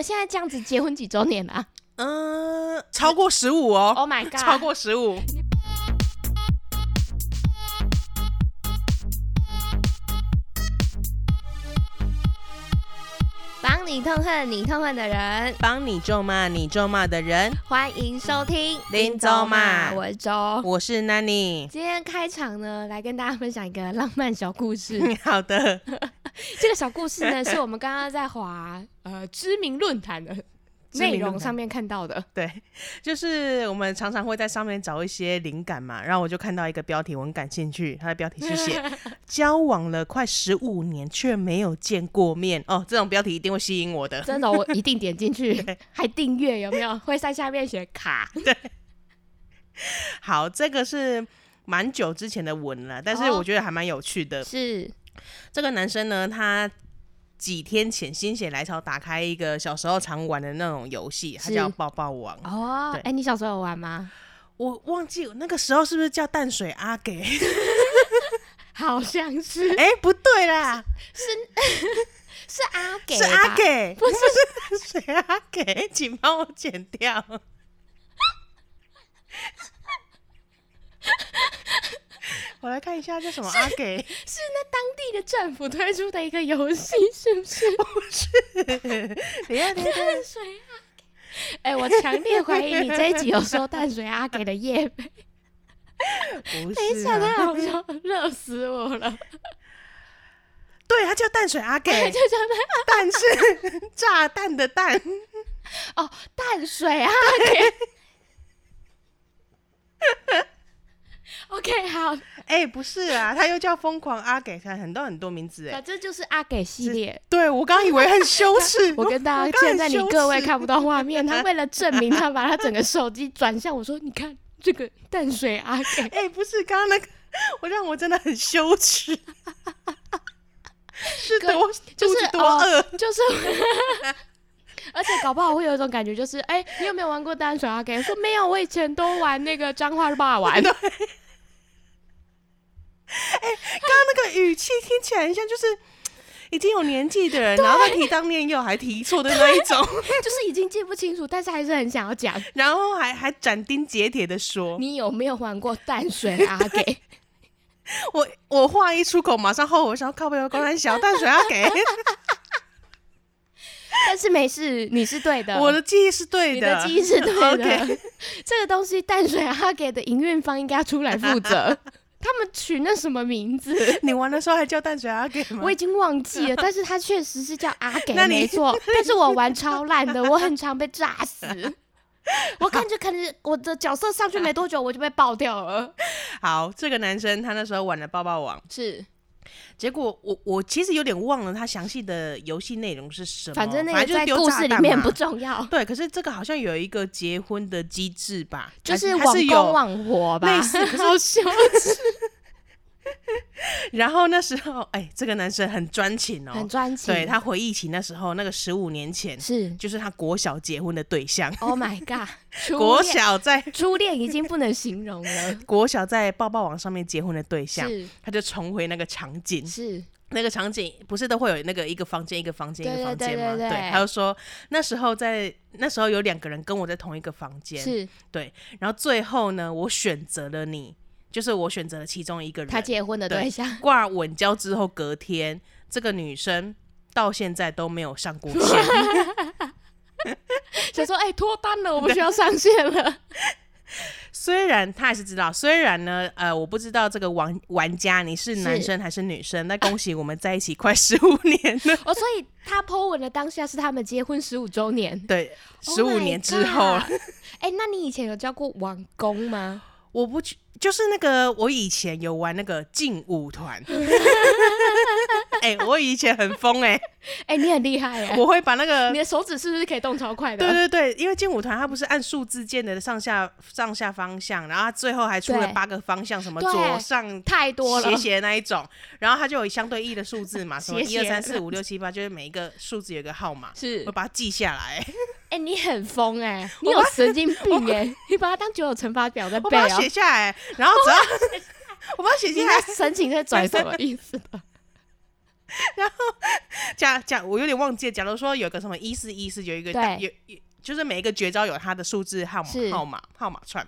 我現在這樣子結婚幾周年了，啊？嗯、呃，超過十五哦。 Oh my God，超過十五。你痛恨你痛恨的人，幫你咒罵你咒罵的人。歡迎收聽林周罵，我是周，我是 Nanny。今天開場呢，來跟大家分享一個浪漫小故事。你好的， 這個小故事呢， 是我們剛剛在華呃知名論壇的。內容上面看到的，對，就是我們常常會在上面找一些靈感嘛。然後我就看到一個標題，我很感興趣。它的標題是寫“ 交往了快十五年卻沒有見過面”，哦，這種標題一定會吸引我的。真的，我一定點進去， 還訂閱有沒有？會在下面寫卡。對，好，這個是蠻久之前的文了，哦，但是我覺得還蠻有趣的。是這個男生呢，他。幾天前心血來潮，打開一個小時候常玩的那種遊戲，它叫抱抱王」。哦。哎、欸，你小時候有玩嗎？我忘記那個時候是不是叫淡水阿給， 好像是。哎、欸，不對啦，是是， 是阿給，是阿給，不是淡水阿給，請幫我剪掉。 我來看一下叫什麼阿給是，是那當地的政府推出的一個遊戲，是不是？不 是。等一下，淡水阿給。哎，我強烈懷疑你這一集有說淡水阿給的業配。不是、啊，沒想到，我說熱死我了。 對他、啊、叫淡水阿給， 淡水，但是炸彈的彈。哦，淡水阿給。 OK，好。哎、欸，不是啊，他又叫瘋狂阿給，很多很多名字、欸。哎、啊，這就是阿給系列。對，我剛以為很羞恥， 我跟大家現在你各位看不到畫面，他為了證明他把他整個手機轉向我說， 你看這個淡水阿給。哎、欸，不是，剛剛那個，我讓我真的很羞恥。 是多，就是多餓，就是。哦就是、 而且搞不好會有一種感覺，就是哎、欸，你有沒有玩過淡水阿給？我說沒有，我以前都玩那個彰化肉圓。 哎、欸，剛剛那個語氣聽起來像就是已經有年紀的人，然後他提當年又還提錯的那一種，就是已經記不清楚，但是還是很想要講， 然後還還斬釘截鐵的說：“你有沒有玩過淡水阿給？” 我我話一出口，馬上後悔，我想說靠北，高山小淡水阿給。 但是沒事，你是對的，我的記憶是對的，你的記憶是對的。 okay. 這個東西淡水阿給的營運方應該要出來負責。 他們取那什麼名字？你玩的時候還叫彈水阿給嗎？ 我已經忘記了，但是他確實是叫阿給 那沒錯。但是我玩超爛的， 我很常被炸死。我看著看著我的角色上去沒多久，我就被爆掉了。好，這個男生他那時候玩的爆爆王是。結果我我其實有點忘了它詳細的遊戲內容是什麼，反正那個故事裡面不重要。對，可是這個好像有一個結婚的機制吧，就是網公網活吧？好羞恥。 可是 然後那時候，哎，這個男生很專情哦，很專情。對，他回憶起那時候，那個十五年前是，就是他國小結婚的對象。Oh my god，國小在初戀已經不能形容了。 國小在抱抱網上面結婚的對象是，他就重回那個場景。是那個場景，不是都會有那個一個房間一個房間一個房間嗎？對，他就說那時候在那時候有兩個人跟我在同一個房間，是對。然後最後呢，我選擇了你。就是我選擇了其中一個人，他結婚的對象掛穩交之後，隔天這個女生到現在都沒有上過線， 想說哎脫、欸、單了，我不需要上線了。 雖然他還是知道，雖然呢，呃，我不知道這個玩玩家你是男生還是女生，那恭喜我們在一起快十五年了。 哦，所以他 PO 文的當下是他們結婚十五周年，對，十五年之後。哎、oh 欸，那你以前有交過網公嗎？我不去，就是那個我以前有玩那個勁舞團，哎、 欸，我以前很瘋哎、欸，哎、欸，你很厲害哎、欸，我會把那個你的手指是不是可以動超快的？對對對，因為勁舞團它不是按數字鍵的上下上下方向，然後它最後還出了八個方向，什麼左上太多了，斜斜的那一種，然後它就有相對應的數字嘛，斜斜什麼一二三四五六七八，就是每一個數字有個號碼，是我把它記下來。哎、欸，你很瘋哎、欸，你有神經病哎、欸，你把它當九九乘法表，我在背要、喔、寫下來，然後只要……我把它寫下， 下來，神情在轉什麼意思 然後假假我有點忘記了。假如說有一個什麼一四一四，有一個有有，就是每一個絕招有他的數字號碼號碼號碼串。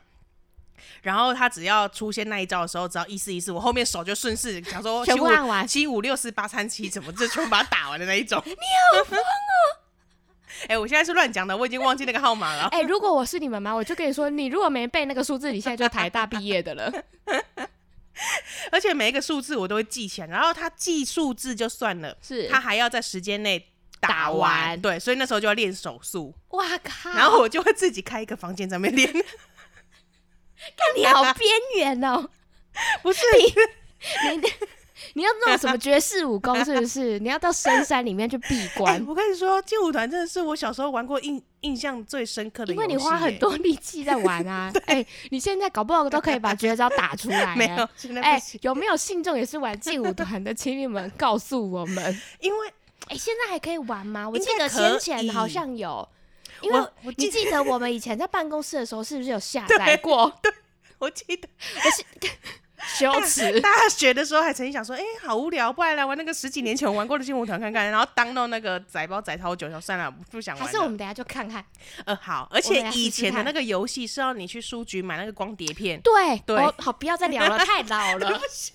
然後他只要出現那一招的時候，只要一四一四，我後面手就順勢想說七全部按完，七五六四八三七，怎麼就全部把它打完的那一種？ 你好瘋瘋哦、喔！ 哎、欸，我現在是亂講的，我已經忘記那個號碼了。哎、 欸，如果我是你們嘛，我就跟你說，你如果沒背那個數字，你現在就台大畢業的了。 而且每一個數字我都會記起來，然後他記數字就算了，是，他還要在時間內打，打完，對，所以那時候就要練手速。哇靠！然後我就會自己開一個房間在那邊練。 看你好邊緣哦， 不是 你。你你要弄什麼絕世武功，是不是？ 你要到深山裡面去閉關？欸、我跟你說，勁舞團真的是我小時候玩過印印象最深刻，的、欸。因為你花很多力氣在玩啊。哎 欸，你現在搞不好都可以把絕招打出來。 沒有，哎、欸，有沒有信眾也是玩勁舞團的？請你們告訴我們。因為哎、欸，現在還可以玩嗎？我記得先前，前好像有，因為我記記得我們以前在辦公室的時候，是不是有下載過對？對，我記得。我是。 羞恥！大學的時候還曾經想說，哎、欸，好無聊，不然來玩那個十幾年前我玩過的勁舞團看看。然後當到那個宅包宅超久，算了，不想玩。還是我們等下就看看。呃，好，而且以前的那個遊戲是要你去書局買那個光碟片。試試對對、哦，好，不要再聊了，太老了。 不行，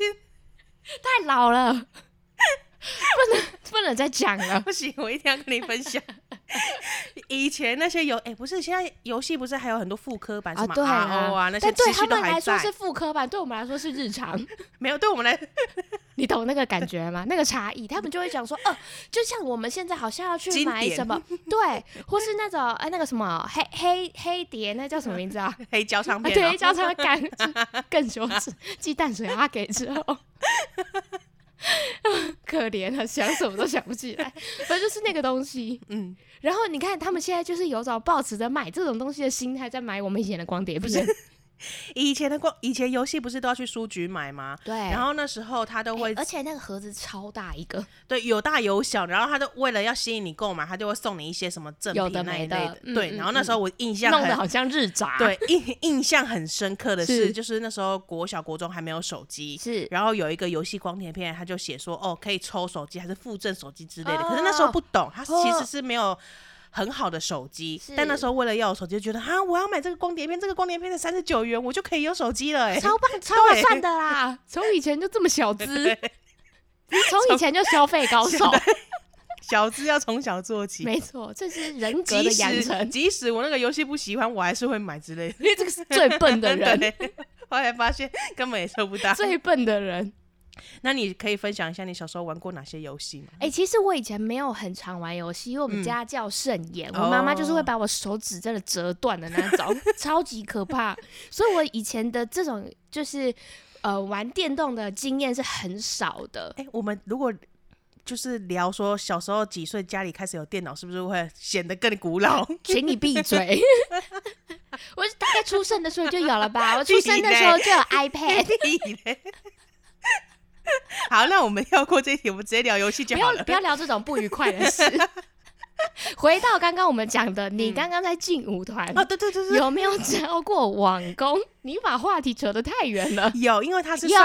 太老了，不能不能再講了。不行，我一定要跟你分享。 以前那些遊，哎、欸，不是，現在遊戲不是還有很多複刻版，什麼 RO 啊,對啊,啊那些，對他們來說是複刻版，對我們來說是日常。 沒有，對我們來，你懂那個感覺嗎？ 那個差異，他們就會講說，哦、呃，就像我們現在好像要去買什麼， 對，或是那種，哎、呃，那個什麼黑黑黑碟，那叫什麼名字啊？ 黑膠唱片，對、 啊，黑膠唱片更羞恥，雞 蛋水阿給之後。 可憐啊，想什麼都想不起來，反 正就是那個東西。嗯，然後你看，他們現在就是有種抱持着買這種東西的心態，在買我們以前的光碟，不是？以前的光，以前遊戲不是都要去書局買嗎？對。然後那時候他都會、欸，而且那個盒子超大一個，對，有大有小。然後他就為了要吸引你購買，他就會送你一些什麼贈品有的沒的那一類的嗯嗯嗯，對。然後那時候我印象很弄得好像日雜，對，印印象很深刻的是，是，就是那時候國小國中還沒有手機，是。然後有一個遊戲光碟片，他就寫說哦，可以抽手機，還是附贈手機之類的、哦。可是那時候不懂，他其實是沒有。哦很好的手機，但那時候為了要手機，覺得哈，我要買這個光碟片，這個光碟片的三十九元，我就可以有手機了、欸，哎，超棒，超划算的啦！從以前就這麼小資，從以前就消費高手，從小資要從小做起，沒錯，這是人格的養成。即使我那個遊戲不喜歡，我還是會買之類的，因為這個是最笨的人。後 來發現根本也收不到，最笨的人。那你可以分享一下你小時候玩過哪些遊戲嗎？哎、欸，其實我以前沒有很常玩遊戲，因為我們家教甚嚴，我媽媽就是會把我手指真的折斷的那種、哦，超級可怕。 所以我以前的這種就是呃玩電動的經驗是很少的。哎、欸，我們如果就是聊說小時候幾歲家裡開始有電腦，是不是會顯得更古老？請你閉嘴！ 我大概出生的時候就有了吧，啊、我出生的時候就有 iPad。啊 好，那我們要過這題，我們直接聊遊戲就好了。不要，不要聊這種不愉快的事。 回到剛剛我們講的，你剛剛在勁舞團啊，對對對，有沒有交過網公、嗯？你把話題扯得太遠了。有，因為他是有。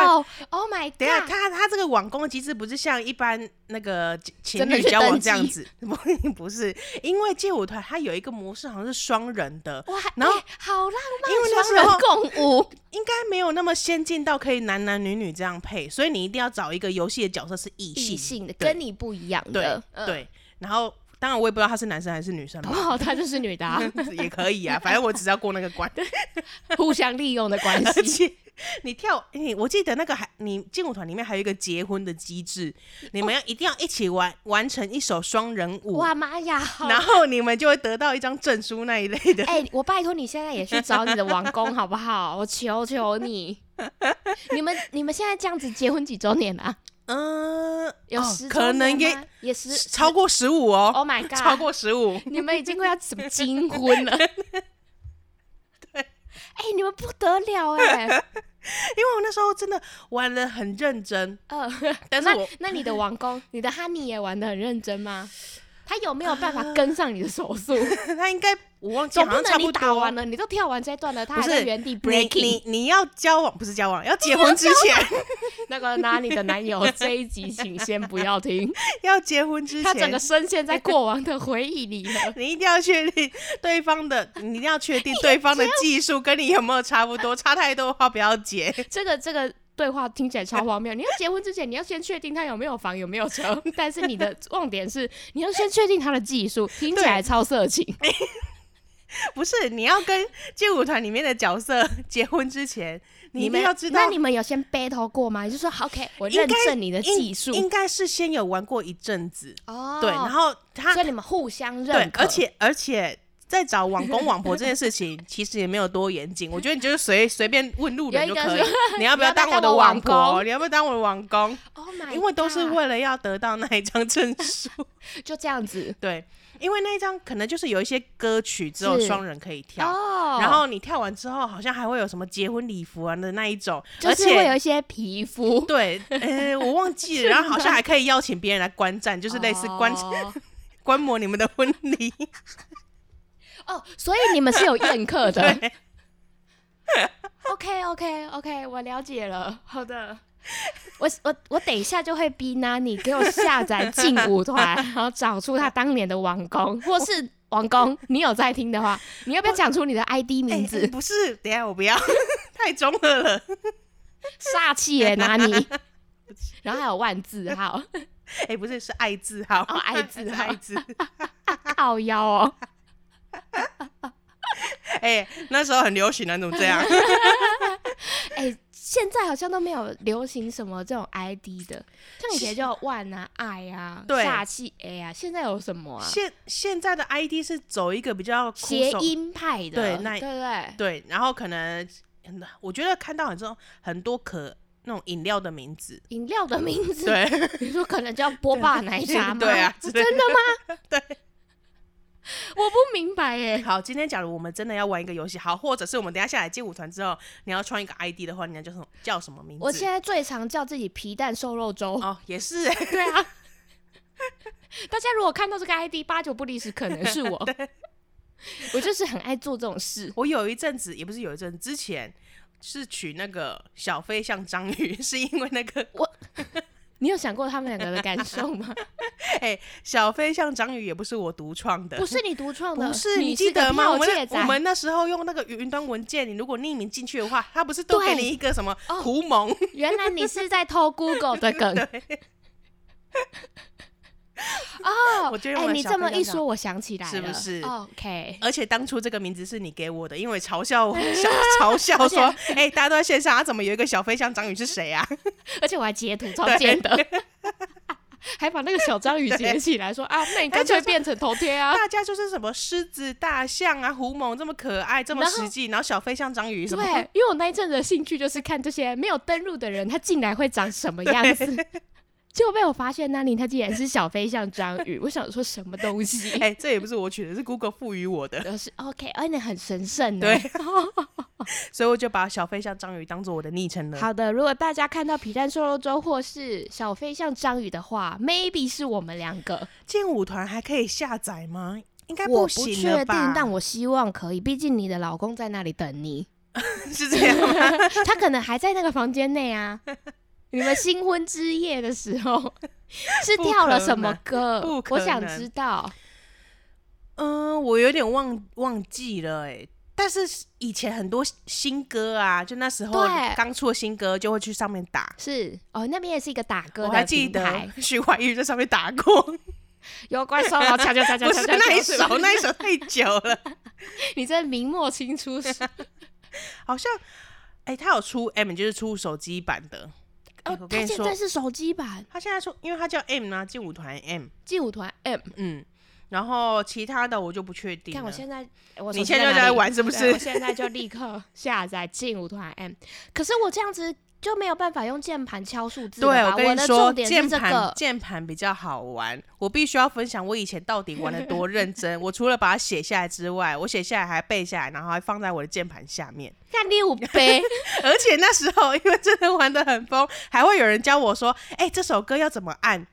Oh my God！等下，他他這個網公其實不是像一般那個情侶交往這樣子 不是，因為勁舞團它有一個模式，好像是雙人的哇，然後、欸、好浪漫，雙人共舞，應該沒有那麼先進到可以男男女女這樣配，所以你一定要找一個遊戲的角色是異性，異性的跟你不一樣的，對，嗯、對然後。當然，我也不知道他是男生還是女生。哦，他就是女的。啊， 也可以啊。反正我只要過那個關。 互相利用的關係。你跳，你我記得那個還你勁舞團裡面還有一個結婚的機制。哦，你們要一定要一起完完成一首雙人舞。哇媽呀好！然後你們就會得到一張證書那一類的。哎、欸，我拜托你現在也去找你的網公 好不好？我求求你。 你們你們現在這樣子結婚幾周年了啊？嗯，有十、哦，可能也也是超過、喔、十五哦。Oh my god，超過十五，你們已經快要什麼金婚了？ 對、欸，哎，你們不得了哎、欸！ 因為我那時候真的玩得很認真。嗯、呃，但是我那，那你的網公，你的哈尼也玩得很認真嗎？他有沒有辦法跟上你的手速？ 他應該我忘記，好像差不多。你打完了，你都跳完這一段了，他還在原地 breaking。你你，你要交往不是交往，要結婚之前， 那個拿你的男友 這一集，請先不要聽。要結婚之前，他整個深陷在過往的回憶裡 你一定要確定對方的，你一定要確定對方的技術跟你有沒有差不多？ 差太多的話，不要結。這個，這個。對話聽起來超荒謬！你要結婚之前，你要先確定他有沒有房 有沒有車，但是你的忘點是你要先確定他的技術，聽起來超色情。不是，你要跟勁舞團裡面的角色結婚之前，你要知道，你們那你們有先 battle 過嗎？就說 OK，我認證你的技術，應該是先有玩過一陣子哦，oh, 對，然後他所以你們互相認可，而且而且。而且在找網公網婆這件事情， 其實也沒有多嚴謹。我覺得你就是隨隨便問路人就可以。你要不要當我的網婆？你要不要當我的網公？oh，因為都是為了要得到那一張證書， 就這樣子。對，因為那一張可能就是有一些歌曲只有雙人可以跳。Oh. 然後你跳完之後，好像還會有什麼結婚禮服啊的那一種。就是會有一些皮膚。對，欸，我忘記了。 然後好像還可以邀請別人來觀戰，就是類似觀、oh. 觀摩你們的婚禮。 哦，所以你們是有宴客的。 OK OK OK，我了解了。好的，我我我等一下就會逼 Nani 給我下載勁舞團， 然後找出他當年的網公， 或是網公。 你有在聽的話，你要不要講出你的 ID 名字？欸、不是，等下我不要， 太中二和了， 煞氣耶，拿你。 然後還有萬字號，哎、欸，不是是愛字號，哦愛字愛字， 好妖哦、喔。哎、 欸，那時候很流行那、啊、種這樣。哎 欸，現在好像都沒有流行什麼這種 ID 的，像以前叫萬啊、愛啊、煞氣 A 啊，現在有什麼啊？現現在的 ID 是走一個比較諧音派的，對，那對對對，對，然後可能、嗯、我覺得看到很多很多可那種飲料的名字，飲料的名字，嗯、對，比如說可能叫波霸奶茶嗎？對啊，是真的嗎？對。我不明白耶、欸。好，今天假如我們真的要玩一個遊戲，好，或者是我們等下下來勁舞團之後，你要創一個 ID 的話，你要叫什麼？叫什麼名字？我現在最常叫自己皮蛋瘦肉粥。哦，也是、欸。對啊。 大家如果看到這個 ID，八九不離十可能是我 對。我就是很愛做這種事。我有一陣子，也不是有一陣，之前是取那個小飛象章魚，是因為那個我。你有想過他們兩個的感受嗎？哎、 欸，小飛象章魚也不是我獨創的，不是你獨創的，不是你，是你記得嗎？我們我們那時候用那個雲端文件，你如果匿名進去的話，他不是都給你一個什麼圖蒙？哦、 原來你是在偷 Google 的梗。 對 哦、oh，我覺得哎，你這麼一說，我想起來了，是不是？OK。而且當初這個名字是你給我的，因為嘲笑我，哎，嘲笑說，哎，欸，大家都在線上，啊，怎麼有一個小飛象章魚是誰啊？而且我還截圖超賤的，還把那個小章魚截起來說啊，那你乾脆變成頭貼啊！大家就是什麼獅子、大象啊，狐獴這麼可愛，這麼實際，然後小飛象章魚什麼？對，因為我那一陣子的興趣就是看這些沒有登入的人，他進來會長什麼樣子。結果被我發現，那裡他竟然是小飛象章魚。 我想說什麼東西？哎、欸，這也不是我取的，是 Google 賦予我的。都是 OK，而且很神聖的。對， 所以我就把小飛象章魚當做我的昵稱了。好的，如果大家看到皮蛋瘦肉粥或是小飛象章魚的話，maybe 是我們兩個。勁舞團還可以下載嗎？應該不行吧？我不確定，但我希望可以。畢竟你的老公在那裡等你， 是這樣嗎？ 他可能還在那個房間內啊。 你們新婚之夜的時候是跳了什麼歌？我想知道。嗯、呃，我有點忘忘記了哎、欸。但是以前很多新歌啊，就那時候剛出的新歌，就會去上面打。是哦，那邊也是一個打歌的平台。我還記得，徐懷鈺在上面打過， 有怪獸說，然後恰那一首， 那一首太久了。 你在明末清初是？ 好像哎、欸，他有出 M，就是出手機版的。哦，他現在是手機版。他現在說，因為他叫 M 呢、啊，勁舞團 M，勁舞團 M，嗯，然後其他的我就不確定。看我現在，我在你現在就在玩，是不是？我現在就立刻下載勁舞團 M。 可是我這樣子。就沒有辦法用鍵盤敲數字。對，我跟你說，鍵盤鍵盤比較好玩。我必須要分享我以前到底玩的多認真。 我除了把它寫下來之外，我寫下來還背下來，然後還放在我的鍵盤下面。看六杯， 而且那時候因為真的玩的很瘋，還會有人教我說：“哎、欸，這首歌要怎麼按？”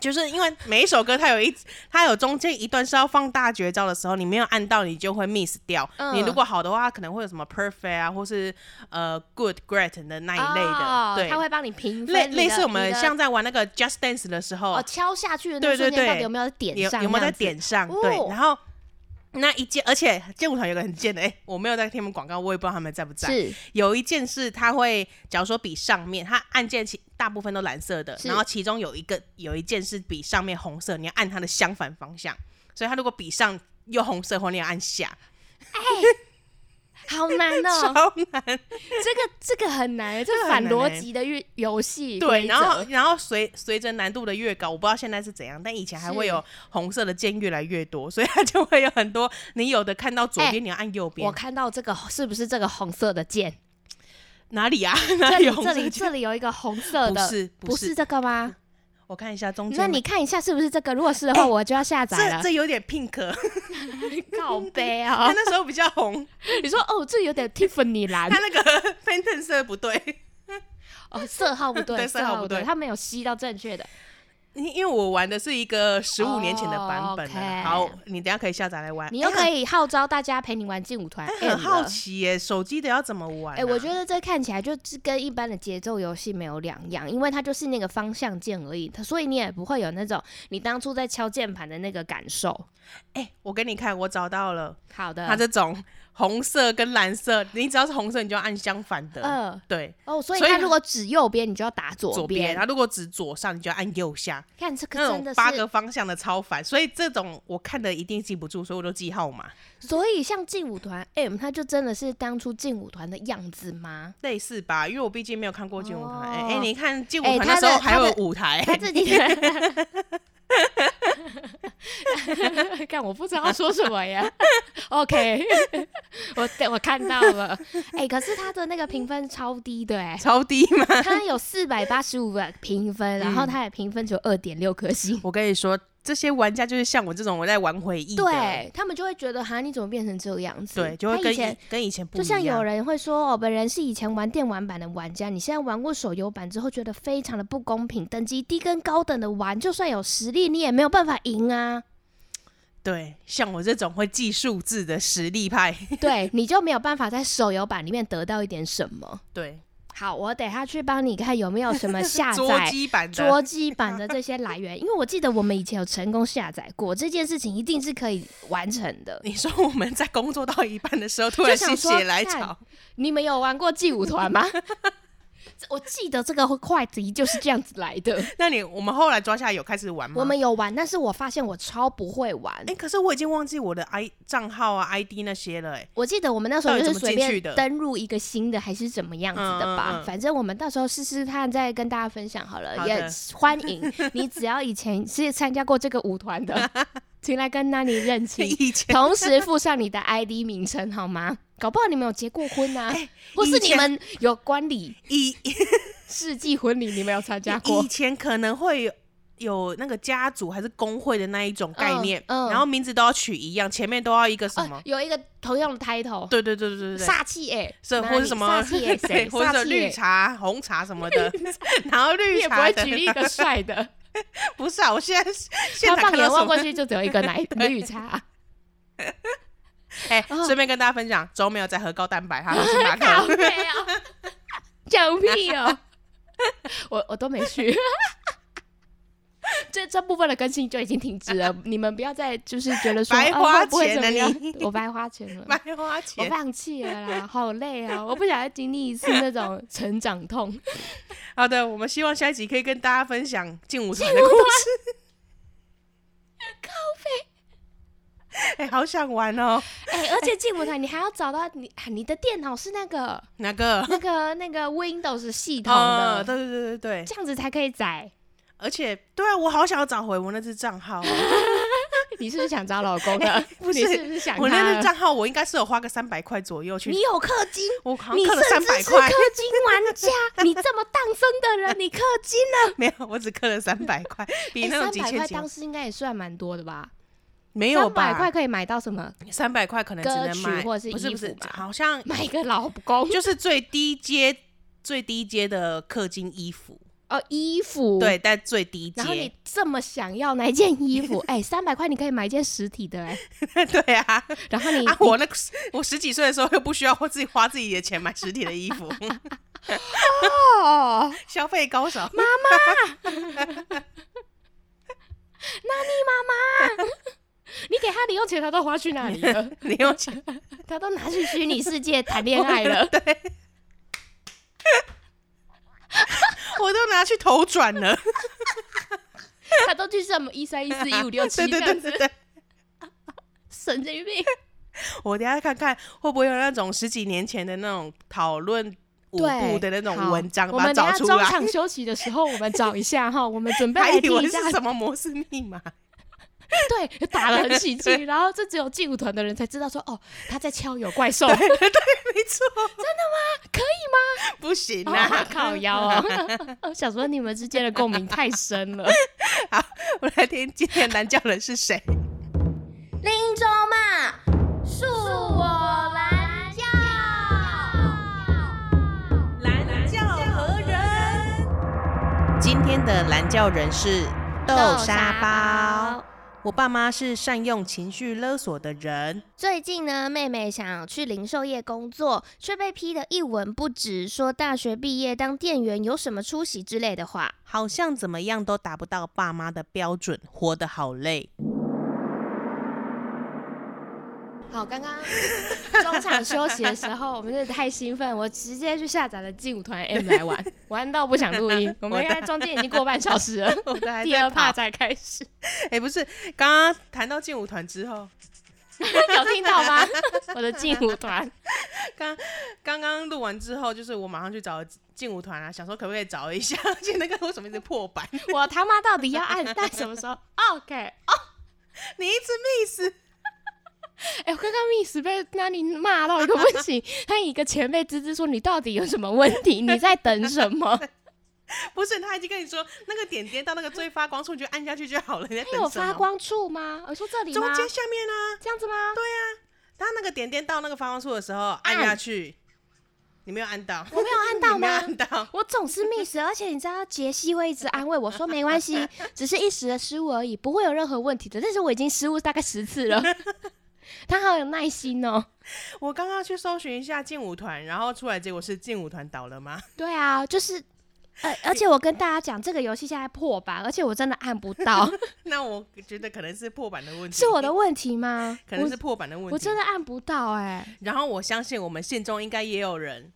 就是因為每一首歌，它有一，它有中間一段是要放大絕招的時候，你沒有按到，你就會 miss 掉，嗯。你如果好的話，可能會有什麼 perfect 啊，或是呃 good great 的那一類的，哦、對，他會幫你評分你。類類似我們像在玩那個 Just Dance 的時候，哦、敲下去的那到底有有對對對，有沒有點上？有沒有在點上？哦、對，然後。那一鍵，而且勁舞團有個很賤的，哎、欸，我沒有在聽他們廣告，我也不知道他們在不在。有一件是它會，假如說比上面，它按鍵其大部分都藍色的，然後其中有一個，有一件是比上面紅色，你要按它的相反方向，所以它如果比上又紅色，或你要按下。欸 好難哦、喔， 超難！這個這個很難， 這個反邏輯的遊遊戲。對，然後然後隨隨着難度的越高，我不知道現在是怎樣，但以前還會有紅色的鍵越來越多，所以它就會有很多。你有的看到左邊、欸，你要按右邊。我看到這個是不是這個紅色的鍵？哪裡啊？裡有這裡這裡這裡有一個紅色的，不是不是，不是這個嗎？我看一下中間、嗯，那你看一下是不是這個？如果是的話，欸、我就要下載了這，這有點 pink，靠北喔！ 喔、那時候比較紅。 你說哦，這有點 Tiffany 藍。 它那個 phantom 色不對，哦，色號不對， 對，色號不對，對，色號不對，它沒有吸到正確的。 因因為我玩的是一個十五年前的版本、oh, okay、好，你等一下可以下載來玩。你又可以號召大家陪你玩勁舞團。欸、很好奇耶、欸，手機的要怎麼玩、啊？哎、欸，我覺得這看起來就是跟一般的節奏遊戲沒有兩樣，因為它就是那個方向鍵而已，它所以你也不會有那種你當初在敲鍵盤的那個感受。哎、欸，我給你看，我找到了，好的，它這種。紅色跟藍色，你只要是紅色，你就要按相反的，呃，對。哦，所以他如果指右邊，你就要打左邊；他如果指左上，你就要按右下。看這可真八個方向的超煩。所以這種我看的一定記不住，所以我就記號碼。所以像勁舞團 M，欸、他就真的是當初勁舞團的樣子嗎？類似吧，因為我畢竟沒有看過勁舞團。哎、哦欸，你看勁舞團那時候還有舞台欸。他自己。看， 我不知道說什麼呀。 OK， 我我看到了。哎、欸，可是他的那個評分超低，對，超低嘛，他有四百八十五個評分， 然後他的評分只有二點六顆星。我跟你說。這些玩家就是像我這種，我在玩回憶，對他們就會覺得哈、啊，你怎麼變成這個樣子？對，就會跟以前跟以前不一樣。就像，有人會說，哦，本人是以前玩電玩版的玩家，你現在玩過手遊版之後，覺得非常的不公平，等級低跟高等的玩，就算有實力，你也沒有辦法贏啊。對，像我這種會記數字的實力派，對，你就沒有辦法在手遊版裡面得到一點什麼。對。好，我等下去幫你看有沒有什麼下載桌機版的這些來源， 因為我記得我們以前有成功下載過 這件事情，一定是可以完成的。你說我們在工作到一半的時候，突然心血來潮，你們有玩過勁舞團嗎？ 我記得這個筷子，就是這樣子來的。 那你我們後來抓下來有開始玩嗎？我們有玩，但是我發現我超不會玩。哎、欸，可是我已經忘記我的 i 賬號啊、i d 那些了、欸。哎，我記得我們那時候就是隨便登錄一個新的，還是怎麼樣子的吧？嗯嗯嗯，反正我們到時候試試看，再跟大家分享好了。也、yes, 歡迎你，只要以前是參加過這個舞團的， 請來跟娜妮認親， 同時附上你的 i d 名稱好嗎？搞不好你們有結過婚吶、啊？不、欸、是你們有觀禮 婚禮，一，世紀婚禮你們有參加過？以前可能會有有那個家族還是公會的那一種概念、哦哦，然後名字都要取一樣，前面都要一個什麼，哦、有一個同樣的 title。對對對對對對，煞氣欸、欸，是或是什麼？煞氣欸、對，或者綠茶煞氣、欸、紅茶什麼的。 然後綠茶，你也不會舉例一個帥的？ 不是、啊，我現在他放眼望過去就只有一個奶綠茶、啊。哎、欸，順、哦、便跟大家分享，周末有在喝高蛋白咖啡嗎？講、哦就是哦、 屁哦， 我我都沒去，這 這部分的更新就已經停止了。 你們不要再就是覺得說白花錢了、啊，我白花錢了，白花錢，我放棄了啦，好累啊，我不想再經歷一次那種成長痛。好的，我們希望下一集可以跟大家分享勁舞團的故事。咖啡。哎、欸，好想玩哦！哎、欸，而且勁舞團你還要找到你，欸、你的電腦是那個哪個？那個那個 Windows 系統的，對、呃、對對對對，這樣子才可以載。而且，對啊，我好想要找回我那隻賬號、喔。哦。 你是不是想找老公的？欸、不是，你是不是想？我那隻賬號我應該是有花個三百塊左右去。你有氪金？我狂氪了三百塊。你甚至是氪金玩家， 你這麼當生的人，你氪金呢？沒、欸、有，我只氪了三百塊，比那種幾千塊當時應該也算蠻多的吧。沒有吧？三百塊可以買到什麼？三百塊可能只能買或，不是不是，好像買個老公， 就是最低階、最低階的氪金衣服哦，衣服對，但最低階。然後你這麼想要哪件衣服？哎、 欸，三百塊你可以買一件實體的哎、欸， 對啊。然後你、啊、我那個、我十幾歲的時候又不需要我自己花自己的錢買實體的衣服，哦， 消費高手，媽媽， 那你媽媽媽？ 你給他零用錢，他都花去哪裡了？零 用錢， 他都拿去虛擬世界談戀愛了。對， 我都拿去投轉了。 他都去什麼一三一四一五六七？對對對對對。 神經病！我等一下看看會不會有那種十幾年前的那種討論舞步的那種文章，把它找出來。中場休息的時候， 我們找一下哈。我們準備來解一下還以為是什麼模式密碼。 對，打得很喜劇 然後這只有勁舞團的人才知道說，哦，他在敲有怪獸。 對，沒錯。 真的嗎？可以嗎？ 不行啊，哦、靠腰啊、哦！我 想 說你們之間的共鳴太深了。 好，我來聽今天懶叫人是誰。 林中嘛，恕我懶叫，懶叫何人？今天的懶叫人是豆沙包。我爸媽是善用情緒勒索的人。最近呢，妹妹想要去零售業工作，卻被批得一文不值，說大學畢業當店員有什麼出息之類的話，好像怎麼樣都達不到爸媽的標準，活得好累。好，剛剛中場休息的時候， 我們就太興奮，我直接去下載了勁舞團 M 來玩，玩到不想錄音。我們應該中間已經過半小時了，我們第二趴再開始。哎、欸，不是，剛剛談到勁舞團之後， 有聽到嗎？ 我的勁舞團，剛，剛剛錄完之後，就是我馬上去找勁舞團啊，想說可不可以找一下，而且那個為什麼一直破百？我他媽到底要按在什麼時候 ？OK，哦，你一直 miss。哎、欸，我剛剛 miss 被哪裡罵到一個問題？ 他以一個前輩吱吱說：“你到底有什麼問題？你在等什麼？” 不是，他已經跟你說，那個點點到那個最發光處你就按下去就好了。你在等什麼？你有發光處嗎？我、哦、說這裡嗎，中間下面啊，這樣子嗎？對啊，當那個點點到那個發光處的時候、嗯，按下去。你沒有按到，我沒有按到嗎？ 到我總是 miss 而且你知道杰西會一直安慰我, 我說：“沒關係，只是一時的失誤而已，不會有任何問題的。”但是我已經失誤大概十次了。 他好有耐心哦、喔！我剛剛去搜尋一下勁舞團，然後出來結果是勁舞團倒了嗎？對啊，就是，呃、欸，而且我跟大家講，這個遊戲現在破版，而且我真的按不到。 那我覺得可能是破版的問題，是我的問題嗎？可能是破版的問題，我，我真的按不到哎、欸。然後我相信我們聽眾應該也有人。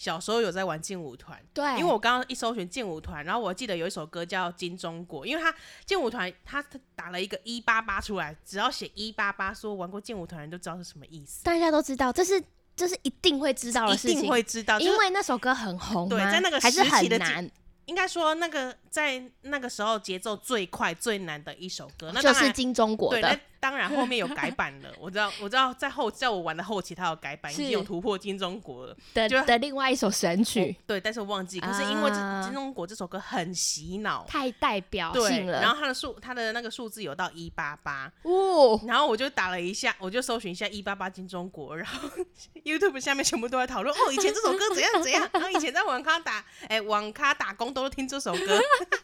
小時候有在玩勁舞團，對，因為我剛剛一搜尋勁舞團，然後我記得有一首歌叫《金鍾國》，因為他勁舞團他打了一個一八八出來，只要寫一八八，說玩過勁舞團就都知道是什麼意思。大家都知道，這是這是一定會知道的事情，一定會知道，因為那首歌很紅。對，在那個時期的應該說那個在那個時候節奏最快最難的一首歌，那就是金鍾國的。對當然，後面有改版了。 我知道，我知道，在後，在我玩的後期，它有改版，已經有突破金鐘國了。的的另外一首神曲、哦，對，但是我忘記。Uh, 可是因為金鐘國這首歌很洗腦，太代表性了。對，然後他的數，他的那個數字有到一八八哦。然後我就打了一下，我就搜尋一下一八八金鐘國，然後 YouTube 下面全部都在討論。 哦，以前這首歌怎樣怎樣，然 後以前在網咖打，哎、欸，網咖打工都，都聽這首歌，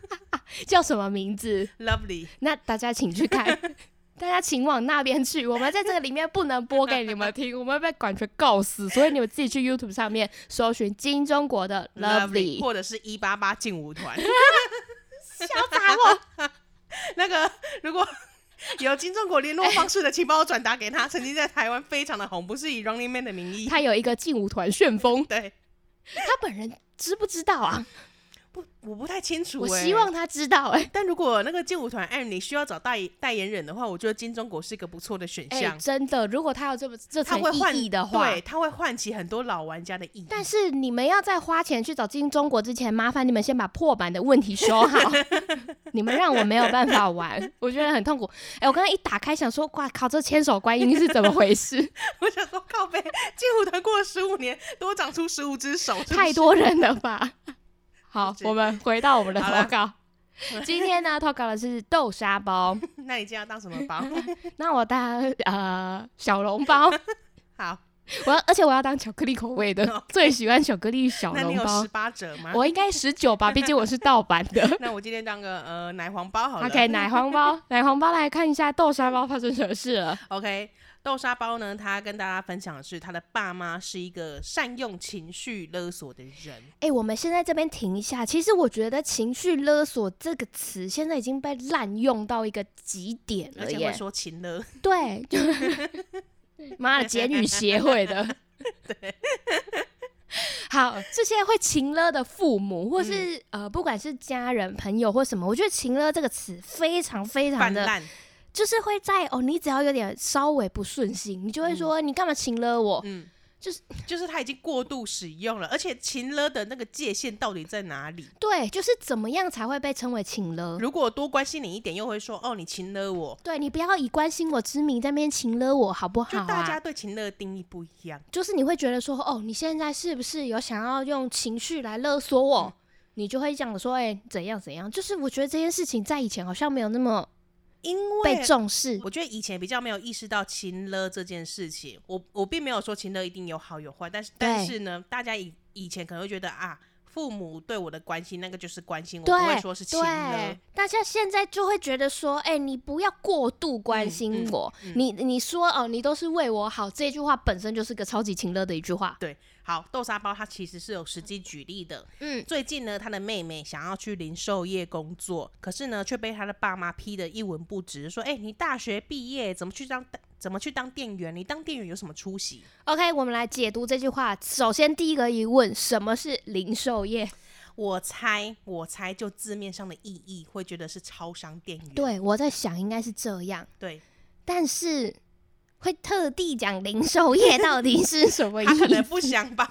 叫什麼名字？Lovely。那大家請去看。 大家請往那邊去，我們在這個裡面不能播給你們聽， 我們會被管制告死，所以你們自己去 YouTube 上面搜尋金鐘國的 Lovely，或者是一八八勁舞團，小灑哦。那個如果有金鐘國聯絡方式的，請幫我轉達給他、欸，曾經在台灣非常的紅，不是以 Running Man 的名義，他有一個勁舞團旋風，對 他本人知不知道啊？我，我不太清楚、欸。我希望他知道哎、欸，但如果那個勁舞團你需要找代代言人的話，我覺得金鐘國是一個不錯的選項、欸。真的，如果他要這麼這誠義意的話，對，他會喚起很多老玩家的意義意。但是你們要在花錢去找金鐘國之前，麻煩你們先把破版的問題修好。 你們讓我沒有辦法玩， 我覺得很痛苦。哎、欸，我剛剛一打開想說，哇靠，這千手觀音是怎麼回事？ 我想說靠北，勁舞團過了十五年，多長出十五隻手是是，太多人了吧？好，我們回到我們的投稿的。今天呢，投稿的是豆沙包。 那你今天要當什麼包？ 那我當呃小籠包。 好，我要，而且我要當巧克力口味的，okay、最喜歡巧克力小籠包。那你有十八折嗎？我應該十九吧，畢竟我是盜版的。 那我今天當個呃奶黃包好了。OK，奶黃包，奶黃包，來看一下豆沙包發生什麼事了。OK。豆沙包呢？他跟大家分享的是，他的爸媽是一個善用情緒勒索的人。哎、欸，我們現在這邊停一下。其實我覺得“情緒勒索”這個詞現在已經被濫用到一個極點了。而且會說情勒。對，就是媽的，減女協會的。對。 好，這些會情勒的父母，或是、嗯、呃，不管是家人、朋友或什麼，我覺得“情勒”這個詞非常非常的爛。就是會在哦，你只要有點稍微不順心，你就會說、嗯、你幹嘛情勒我？嗯，就是就是他已經過度使用了，而且情勒的那個界限到底在哪裡？對，就是怎麼樣才會被稱為情勒？如果多關心你一點，又會說哦，你情勒我？對，你不要以關心我之名在那邊情勒我好不好、啊？就大家對情勒的定義不一樣，就是你會覺得說哦，你現在是不是有想要用情緒來勒索我？嗯、你就會講說哎、欸，怎樣怎樣？就是我覺得這件事情在以前好像沒有那麼。因為被重視，我覺得以前比較沒有意識到情勒這件事情。我我並沒有說情勒一定有好有壞，但是但是呢，大家以以前可能會覺得啊，父母對我的關心那個就是關心，我不會說是情勒。大家現在就會覺得說，哎、欸，你不要過度關心我。嗯嗯嗯、你你說哦，你都是為我好，這一句話本身就是個超級情勒的一句話。對。好豆沙包，他其實是有實際舉例的。嗯，最近呢，他的妹妹想要去零售業工作，可是呢，卻被他的爸媽批得一文不值，說：“哎、欸，你大學畢業怎麼去當怎麼去當店員？你當店員有什麼出息？”OK，我們來解讀這句話。首先，第一個疑問，什麼是零售業？我猜，我猜，就字面上的意義，會覺得是超商店員。對，我在想應該是這樣。對，但是。會特地講零售業到底是什麼意思？ 他可能不想幫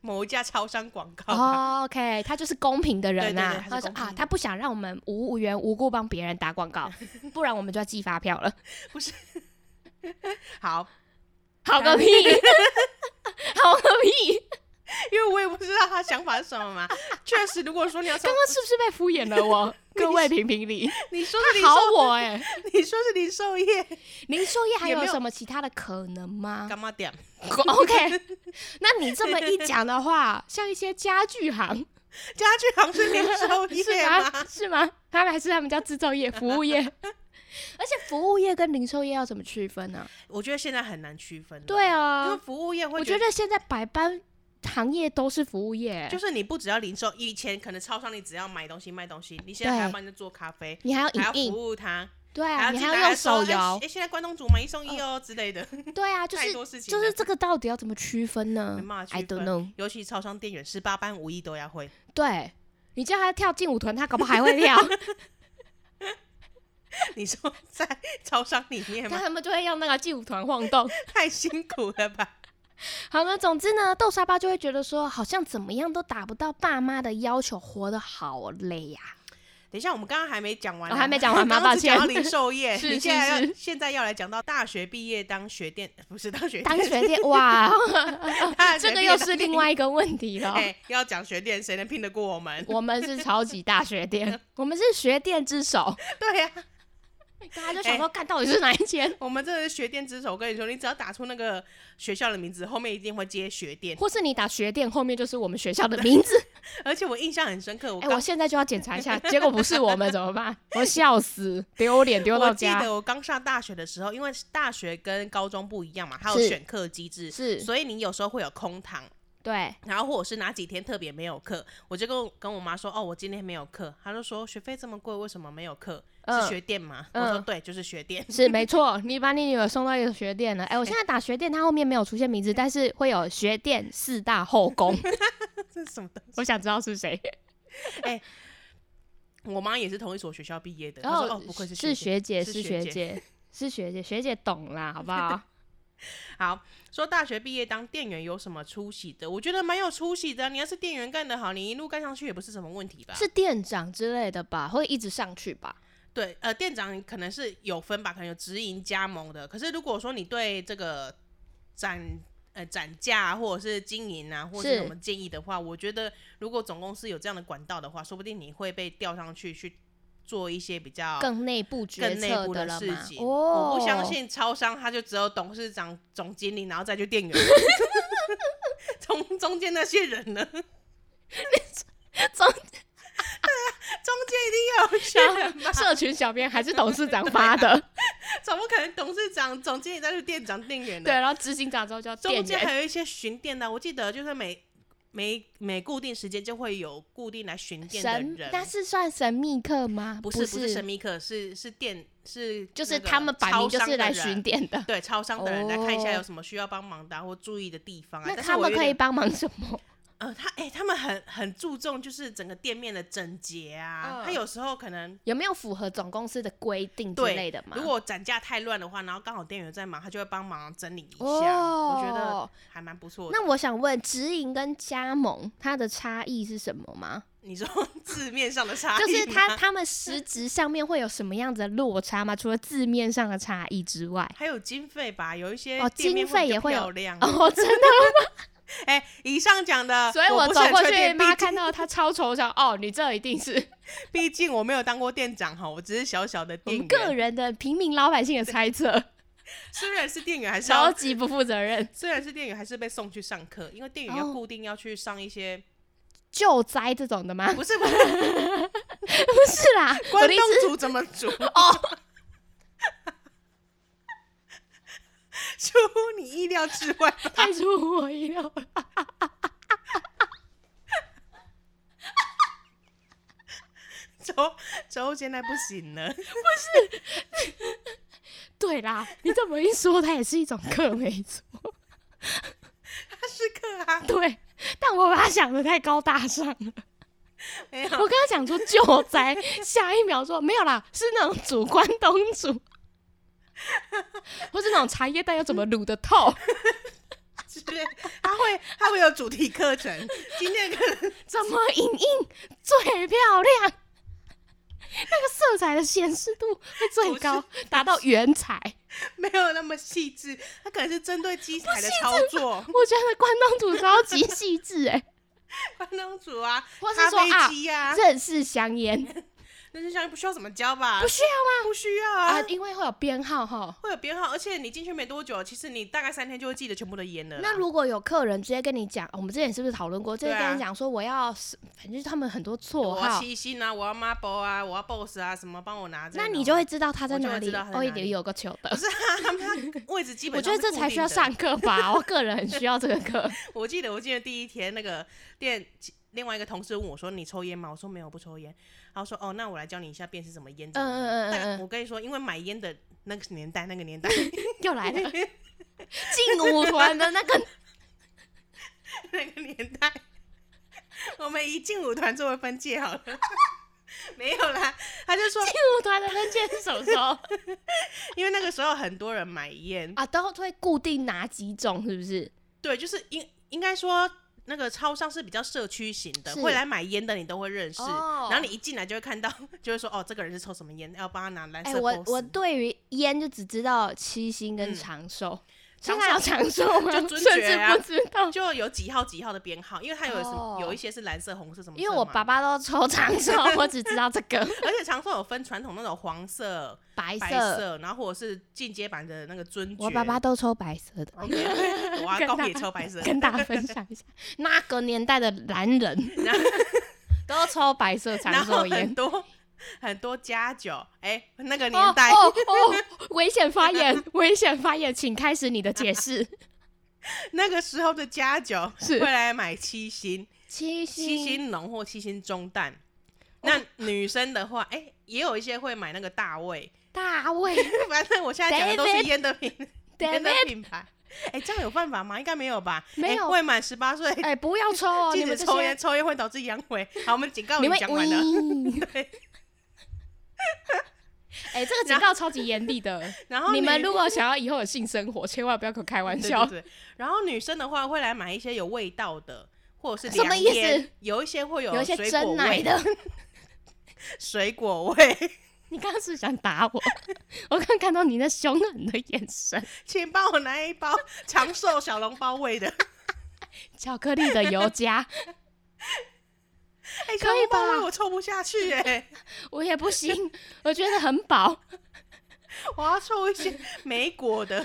某一家超商廣告。Oh, OK，他就是公平的人吶、啊。他說啊，他不想讓我們無緣無故幫別人打廣告， 不然我們就要寄發票了。 不是， 好好個屁，好個屁。 因為我也不知道他想法是什麼嘛。確 實，如果說你要剛剛是不是被敷衍了我？我 各位評評理。你說是零售好我哎、欸。你說是零售業，零售業還有什麼其他的可能嗎？幹嘛點、哦、？OK，那你這麼一講的話， 像一些家具行， 家具行是零售業嗎 是嗎？他們還是他們家製造業服務業？ 而且服務業跟零售業要怎麼區分呢、啊？我覺得現在很難區分。對啊、哦，因、就、為、是、服務業會覺我覺得現在百般，行業都是服務業、欸，就是你不只要零售，以前可能超商你只要買東西賣東西，你現在還要幫人做咖啡，你還要，飲飲還要服務他，對啊，還要你還要用手搖，哎、欸欸，現在關東煮買一送一哦，哦之類的，對啊，就是就是這個到底要怎麼區分呢區分？I don't know，尤其超商店員十八般武藝都要會，對你叫他跳勁舞團，他搞不好還會跳。 你說在超商裡面，那他們就會用那個勁舞團晃動， 太辛苦了吧？ 好了，總之呢，豆沙包就會覺得說，好像怎麼樣都達不到爸媽的要求，活得好累呀、啊。等一下，我們剛剛還沒講完，、啊哦、完，我還沒講完，蠻抱歉。剛剛講零售業 是是是，你現在要現在要來講到大學畢業當學店，不是當學店，當學店哇 學、哦，這個又是另外一個問題了。欸、要講學店，誰能拼得過我們？ 我們是超級大學店， 我們是學店之首對呀、啊。大家就想說，看到底是哪一間、欸？我們這是學店之首，我跟你說，你只要打出那個學校的名字，後面一定會接學店，或是你打學店，後面就是我們學校的名字。而且我印象很深刻，我，、欸、我現在就要檢查一下， 結果不是我們怎麼辦？我笑死，丟臉丟到家。我記得我剛上大學的時候，因為大學跟高中不一樣嘛，它有選課機制是，是，所以你有時候會有空堂，對，然後或者是哪幾天特別沒有課，我就跟我跟我媽說，哦，我今天沒有課，她就說學費這麼貴，為什麼沒有課？是學店嗎？呃、我說對、呃，就是學店，是沒錯。你把你女兒送到一個學店了。哎、欸，我現在打學店，它、欸、後面沒有出現名字、欸，但是會有學店四大後宮、欸，這是什麼東西？我想知道是誰。哎、欸， 我媽也是同一所學校畢業的。我說哦，哦，不愧是學姐，是學姐，是學姐，是學姐， 是學姐，學姐懂啦，好不好？好說，大學畢業當店員有什麼出息的？我覺得蠻有出息的、啊。你要是店員幹得好，你一路幹上去也不是什麼問題吧？是店長之類的吧？會一直上去吧？對，呃，店長可能是有分吧，可能有直營、加盟的。可是如果說你對這個展呃展架、啊、或者是經營啊，或者是什麼建議的話，我覺得如果總公司有這樣的管道的話，說不定你會被調上去去做一些比較更內部、更內部的事情。哦。我不相信超商，他就只有董事長、總經理，然後再去店員。從 中間那些人呢？從。 中間一定有要有專人，社群小編還是董事長發的，怎 麼、啊、可能？董事長、總監也是店長、店員的。對，然後執行長之後要。中間還有一些巡店的、啊，我記得就是每每每固定時間就會有固定來巡店的人，神但是算神秘客嗎？不是，不是，不是神秘客，是是店是就是他們超商就是來巡店的，對，超商的人、哦、來看一下有什麼需要幫忙的、啊、或注意的地方啊？那他們可以幫忙什麼？呃，他哎、欸，他們很很注重就是整個店面的整潔啊。哦、他有時候可能有沒有符合總公司的規定之類的嗎？對，如果展架太亂的話，然後剛好店員在忙，他就會幫忙整理一下。哦、我覺得還蠻不錯。那我想問，直營跟加盟它的差異是什麼嗎？你說字面上的差異， 就是他他們實質上面會有什麼樣子的落差嗎？ 除了字面上的差異之外，還有經費吧？有一些哦，經費也會有量哦，真的嗎？ 哎、欸，以上講的，所以我，我走過去，媽看到他超醜，想哦，你這一定是，畢竟我沒有當過店長哈，我只是小小的店員，我個人的平民老百姓的猜測。雖然是店員還是超級不負責任。雖然是店員還是被送去上課，因為店員要固定要去上一些、oh, 救災這種的嗎？不是不是 不是啦，關東煮怎麼煮哦。Oh. 出乎你意料之外，太出乎我意料了走， 週週現在不行了，不是？ 對啦，你怎麼一說，他也是一種課，沒錯。他是課啊。對，但我把他想的太高大上了。我剛剛講出救災， 下一秒說沒有啦，是那種主觀東主。或者那種茶葉蛋要怎麼滷的透？就 是他會，他會有主題課程。今天可能怎麼影印最漂亮？那個色彩的顯示度會最高，達到原彩。沒有那麼細緻，他可能是針對機材的操作的。我覺得關東煮超級細緻哎，關東煮啊，或是說咖啡機啊，啊，正式香煙。那就像不需要怎麼教吧？不需要嗎？不需要啊，呃、因為會有編號哈，會有編號，而且你進去沒多久，其實你大概三天就會記得全部的煙了。那如果有客人直接跟你講，哦，我們之前是不是討論過？直接跟你講說我要，反正，啊、他們很多綽號，我要七星啊，我要 marble 啊，我要 boss 啊，什麼幫我拿着，那你就會知道他在哪裡，哦，一點有個球的。不是啊，他們位置基本上。 我覺得這才需要上課吧， 我個人很需要這個課。 我記得我記得第一天那個店。另外一個同事問我說：“你抽菸嗎？”我說：“沒有，不抽菸。”然後說：“哦，那我來教你一下辨識什麼菸。”嗯嗯嗯，嗯我跟你說，因為買菸的那個年代，那個年代 又來了，勁舞團的那個 那個年代，我們以勁舞團作為分界好了。 沒有啦，他就說勁舞團的分界是什麼時候？ 因為那個時候很多人買菸啊，都會固定哪幾種，是不是？對，就是應應該說。那個超商是比較社區型的，會來買煙的你都會認識，oh. 然後你一進來就會看到，就會說哦，這個人是抽什麼煙，要幫他拿藍色、Boss 欸。我我對於煙就只知道七星跟長壽。嗯現在有長壽嗎？就尊爵啊、 甚至不知道。就有幾號幾號的編號，因為他有、oh. 有一些是藍色、紅色什麼色。因為我爸爸都抽長壽，我只知道這個， 而且長壽有分傳統那種黃色、白色、白色，然後或者是進階版的那個尊爵，我爸爸都抽白色的，okay、 我阿公也可以抽白色的， 跟大家分享一下， 那個年代的男人 都抽白色長壽煙。很多。很多家酒，哎、欸，那個年代，哦哦，危險發言， 危險發言，請開始你的解釋。 那個時候的家酒是會來買七星、七星濃或七星中彈。Oh. 那女生的話，哎、欸，也有一些會買那個大衛，大衛。 反正我現在講的都是菸的,的品牌，菸的品牌。哎，這樣有犯法嗎？應該沒有吧？沒有。未滿十八歲，哎、欸欸，不要抽，抽你們抽菸，抽菸會導致陽痿。好，我們警告你們，講完的對。.哎、 欸，這個警告超級嚴厲的。然後你們如果想要以後有性生活，千萬不要搞，開玩笑對對對。然後女生的話會來買一些有味道的，或者是什麼意思？有一些會有有一些珍奶的，水果味。你剛剛是不是想打我？ 我剛剛看到你那凶狠的眼神， 請幫我拿一包長壽小籠包味的 巧克力的油加。 哎、欸，可以吧？剛剛我抽不下去。哎、欸，我也不行， 我覺得很飽， 我要抽一些莓果的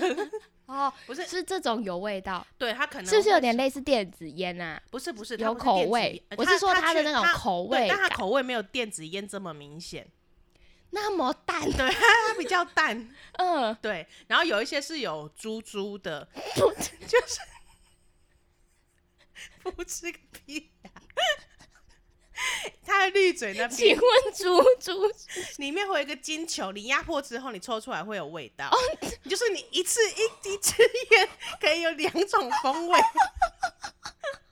哦，不是，是這種有味道，對，它可能是不是有點類似電子煙啊？不是不是，有口味，不是，我是說它的那種口味它它它，但它口味沒有電子煙這麼明顯，那麼淡，對，它，它比較淡，嗯，對，然後有一些是有珠珠的， 就是 不吃個屁、啊它的濾嘴，那請問珠珠裡面會有一個金球，你壓破之後，你抽出來會有味道。哦、 就是你一次一一支菸可以有兩種風味。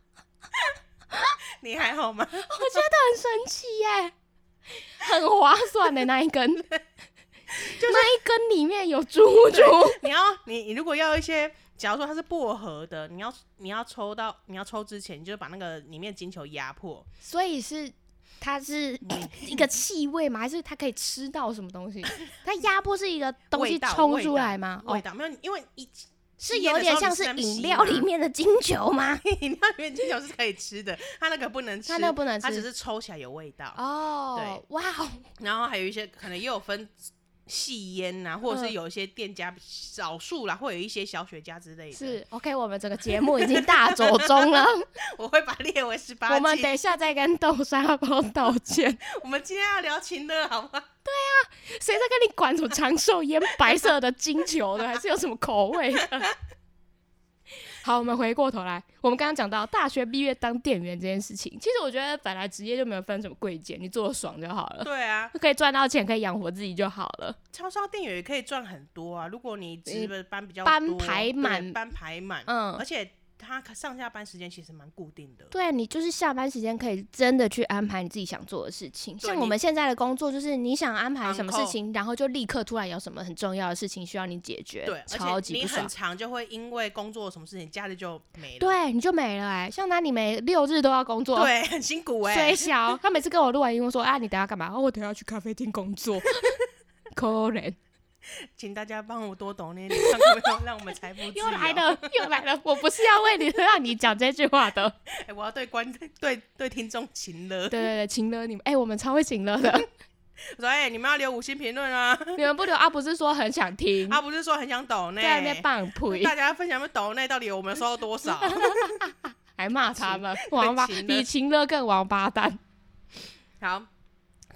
你還好嗎？我覺得很神奇耶、欸，很划算的、欸、那一根，就是、那一根裡面有珠珠。你要、哦、你如果要一些。假如說它是薄荷的，你要你要抽到你要抽之前，你就把那個裡面的金球壓迫。所以是它是、欸、 一個氣味嗎？還是它可以吃到什麼東西？它壓迫是一個東西 抽出來嗎？味道,、哦、味道沒有，因為一是有一點像是飲料裡面的金球嗎？飲料裡面的金球是可以吃的， 它那個不能吃，它那個不能吃，它只是抽起來有味道哦。對，哇、哦，然後還有一些可能也有分。細煙吶，或者是有一些店家少數啦、啊，會、呃、有一些小雪茄之類的。是 OK，我們整個節目已經大走鐘了， 我會把列為十八禁。我們等一下再跟豆沙包道歉。 我們今天要聊情樂，好嗎？對啊，誰在跟你管什麼長壽煙？白色的金球的， 還是有什麼口味的？ 好，我們回過頭來，我們剛剛講到大學畢業當店員這件事情。其實我覺得本來職業就沒有分什麼貴賤，你做的爽就好了。對啊，可以賺到錢，可以養活自己就好了。超商店員也可以賺很多啊，如果你值班比較多、嗯、班排班排滿，嗯，而且。他上下班時間其實蠻固定的。對，你就是下班時間可以真的去安排你自己想做的事情。像我們現在的工作，就是你想安排什麼事情，然後就立刻突然有什麼很重要的事情需要你解決。對，超級不爽。而且你很常就會因為工作什麼事情，假日就沒了。對，你就沒了哎、欸。像他，你每六日都要工作，對，很辛苦哎、欸。所以小，他每次跟我錄完音，我說：“ 啊，你等一下幹嘛？”哦，我等一下去咖啡廳工作， 可憐。請大家幫我多抖內，讓觀眾讓我們財富自由。 又來了，又來了！我不是要為你讓你講這句話的。哎、 欸，我要對觀對對聽眾情勒，對對對情勒你們。哎、欸，我們超會情勒的。 我說，哎、欸，你們要留五星評論啊！你們不留啊？不是說很想聽？阿、啊、不是說很想抖內？在那邊半呸，大家分享不抖內到底我們收多少？ 還罵他們王八，比情勒更王八蛋。好。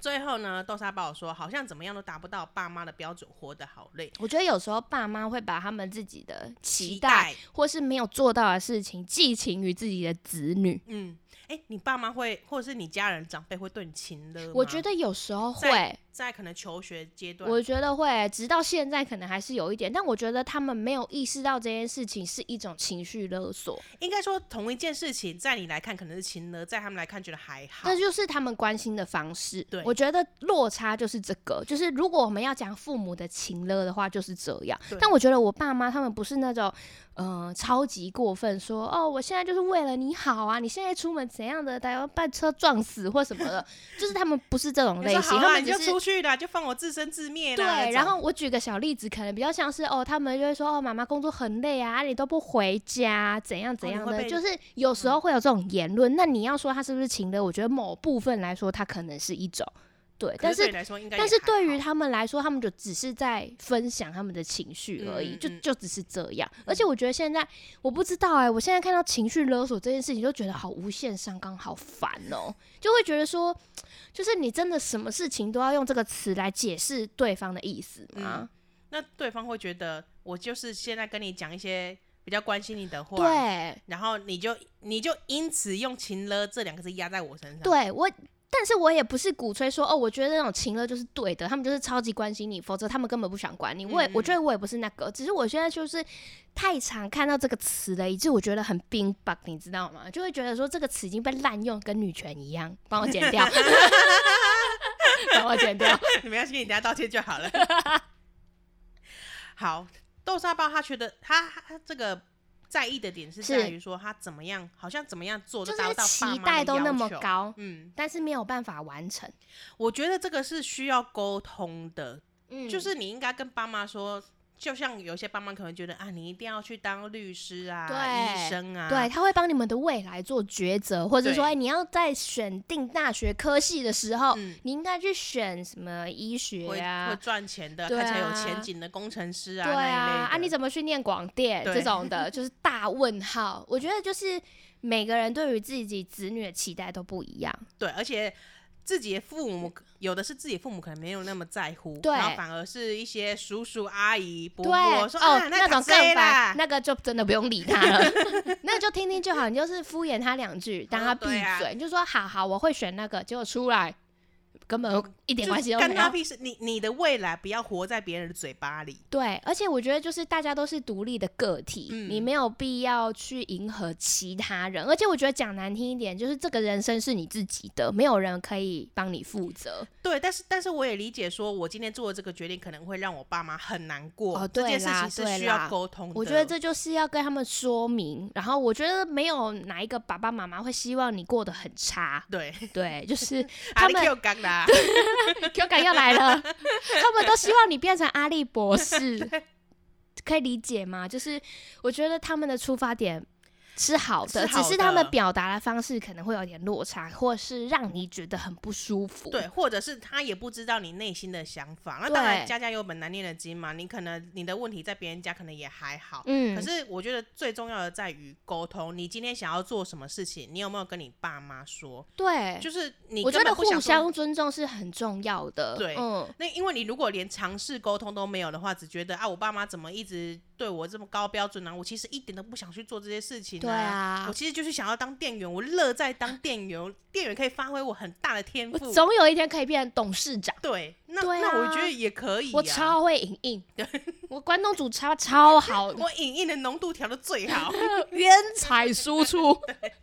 最後呢，豆沙包說好像怎麼樣都達不到爸媽的標準，活得好累。我覺得有時候爸媽會把他們自己的期待、期待，或是沒有做到的事情寄情於自己的子女。嗯，哎、欸，你爸媽會，或是你家人長輩會對你情的嗎？我覺得有時候會。在可能求學階段，我覺得會，直到現在可能還是有一點，但我覺得他們沒有意識到這件事情是一種情緒勒索。應該說，同一件事情，在你來看可能是情勒，在他們來看覺得還好，那就是他們關心的方式。對，我覺得落差就是這個。就是如果我們要講父母的情勒的話，就是這樣。但我覺得我爸媽他們不是那種，嗯、呃，超級過分說哦，我現在就是為了你好啊，你現在出門怎樣的，都要被車撞死或什麼的。 就是他們不是這種類型，你啊、他們只是。去了就放我自生自滅啦。對，然後我舉個小例子，可能比較像是哦，他們就會說哦，媽媽工作很累啊，你都不回家，怎樣怎樣的，哦、就是有時候會有這種言論、嗯。那你要說他是不是情勒？我覺得某部分來說，他可能是一種。對，但是，是但是對於他們來說，他們就只是在分享他們的情緒而已，嗯嗯嗯，就就只是這樣嗯嗯。而且我覺得現在，我不知道哎、欸，我現在看到情緒勒索這件事情，就覺得好無限上綱好煩哦、喔，就會覺得說，就是你真的什麼事情都要用這個詞來解釋對方的意思嗎、嗯？那對方會覺得我就是現在跟你講一些比較關心你的話，對，然後你就你就因此用“情勒”這兩個字壓在我身上，對我。但是我也不是鼓吹說哦，我覺得那種情勒就是對的，他們就是超級關心你，否則他們根本不想管你。我也，我覺得我也不是那個，嗯嗯只是我現在就是太常看到這個詞了，以致我覺得很冰霸，你知道嗎？就會覺得說這個詞已經被濫用，跟女權一樣，幫我剪掉，幫 我剪掉， 你們要去給人家道歉就好了。 好，豆沙包他覺得他他這個。在意的點是在於說他怎麼樣，好像怎麼樣做都達不到爸媽的要求，就是期待都那麼高。嗯，但是沒有辦法完成。我覺得這個是需要溝通的。嗯，就是你應該跟爸媽說。就像有些爸媽可能覺得啊，你一定要去當律師啊，醫生啊，對，他會幫你們的未來做抉擇，或者說、哎，你要在選定大學科系的時候，嗯、你應該去選什麼醫學啊，會賺錢的、啊，看起來有前景的工程師啊。對啊，那、那個、對啊，啊，你怎麼去念廣電這種的，就是大問號。 我覺得就是每個人對於自己子女的期待都不一樣，對，而且。自己的父母，有的是自己父母可能沒有那麼在乎，對，然後反而是一些叔叔阿姨伯伯說。對、啊、哦，那種更煩，那個就真的不用理他了， 那就聽聽就好，你就是敷衍他兩句，讓他閉嘴，哦啊。你就說好好，我會選那個，結果出來。根本一點關係都沒有。你你的未來不要活在別人的嘴巴裡。對，而且我覺得就是大家都是獨立的個體，你沒有必要去迎合其他人。而且我覺得講難聽一點，就是這個人生是你自己的，沒有人可以幫你負責。對，但是但是我也理解，說我今天做的這個決定可能會讓我爸媽很難過。這件事情是需要溝通的。我覺得這就是要跟他們說明。然後我覺得沒有哪一個爸爸媽媽會希望你過得很差。對對，就是他們。 Q 感又來了，他們都希望你變成阿力博士，可以理解嗎？就是我覺得他們的出發點，是好，是好的，只是他們表達的方式可能會有點落差，或是讓你覺得很不舒服。對，或者是他也不知道你內心的想法。那當然，家家有本難念的經嘛。你可能你的問題在別人家可能也還好。嗯。可是我覺得最重要的在於溝通。你今天想要做什麼事情，你有沒有跟你爸媽說？對，就是你。我覺得互相尊重是很重要的。對，嗯。那因為你如果連嘗試溝通都沒有的話，只覺得啊，我爸媽怎麼一直對我這麼高標準呢、啊？我其實一點都不想去做這些事情。對啊，我其實就是想要當店員，嗯、我樂在當店員， 店員可以發揮我很大的天賦。我總有一天可以變成董事長。對，那對、啊、那我覺得也可以、啊。我超會影印，對 我關東煮超超好， 我影印的濃度調得最好，原 彩輸輸出， 對